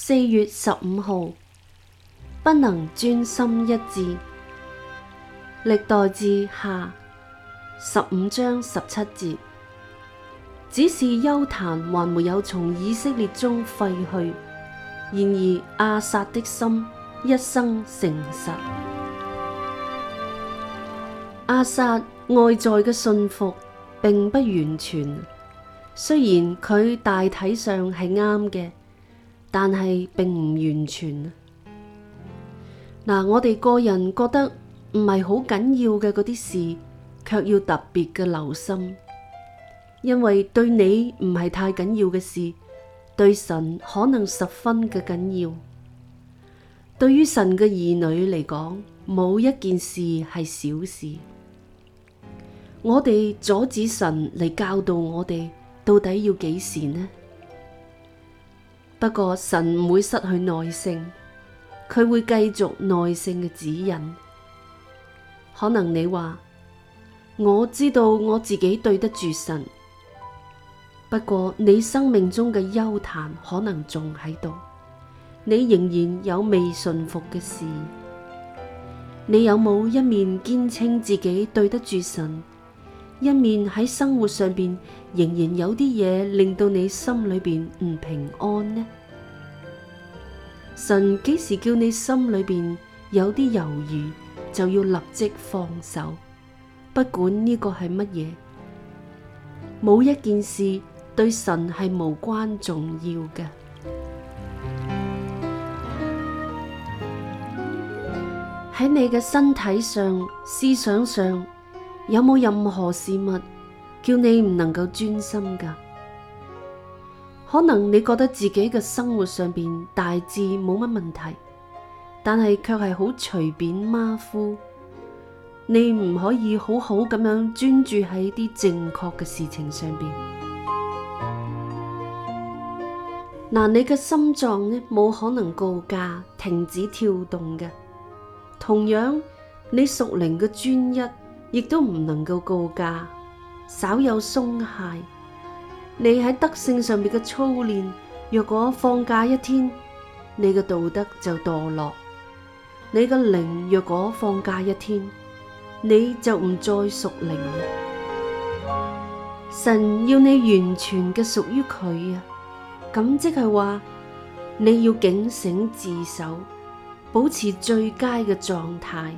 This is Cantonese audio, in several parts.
四月十五號，不能專心一致。歷代志下十五章十七節，只是邱壇還沒有從以色列中廢去。然而阿撒的心一生誠實。阿撒外在嘅信服並不完全，雖然佢大體上係啱嘅。但係並唔完全。嗱，我哋個人覺得唔係好緊要嘅嗰啲事，卻要特別嘅留心，因為對你唔係太緊要嘅事，對神可能十分嘅緊要。對於神嘅兒女嚟講，冇一件事係小事。我哋阻止神嚟教導我哋，到底要幾時呢？不過神唔會失去耐性，佢會繼續耐性嘅指引。可能你話我知道我自己對得住神，不過你生命中嘅憂嘆可能仲喺度，你仍然有未順服嘅事。你有冇一面堅稱自己對得住神？一面喺生活上邊仍然有啲嘢，令到你心裏邊唔平安呢？神幾時叫你心裏邊有啲猶豫，就要立即放手，不管呢個係乜嘢，冇一件事對神係無關重要嘅，喺你嘅身體上、思想上。有冇任何事物叫你唔能夠專心噶？可能你覺得自己嘅生活上邊大致冇乜問題，但係卻係好隨便馬虎，你唔可以好好咁樣專注喺啲正確嘅事情上邊。嗱，你嘅心臟呢冇可能告假停止跳動嘅，同樣你屬靈嘅專一。亦都唔能夠告假，稍有鬆懈，你喺德性上邊嘅操練，若果放假一天，你嘅道德就墮落；你嘅靈若果放假一天，你就唔再屬靈。神要你完全嘅屬於佢啊！咁即係話，你要警醒自守，保持最佳嘅狀態。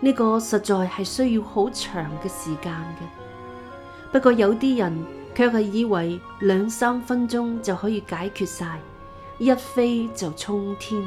呢個實在係需要好長嘅時間嘅，不過有啲人卻係以為兩三分鐘就可以解決晒，一飛就沖天。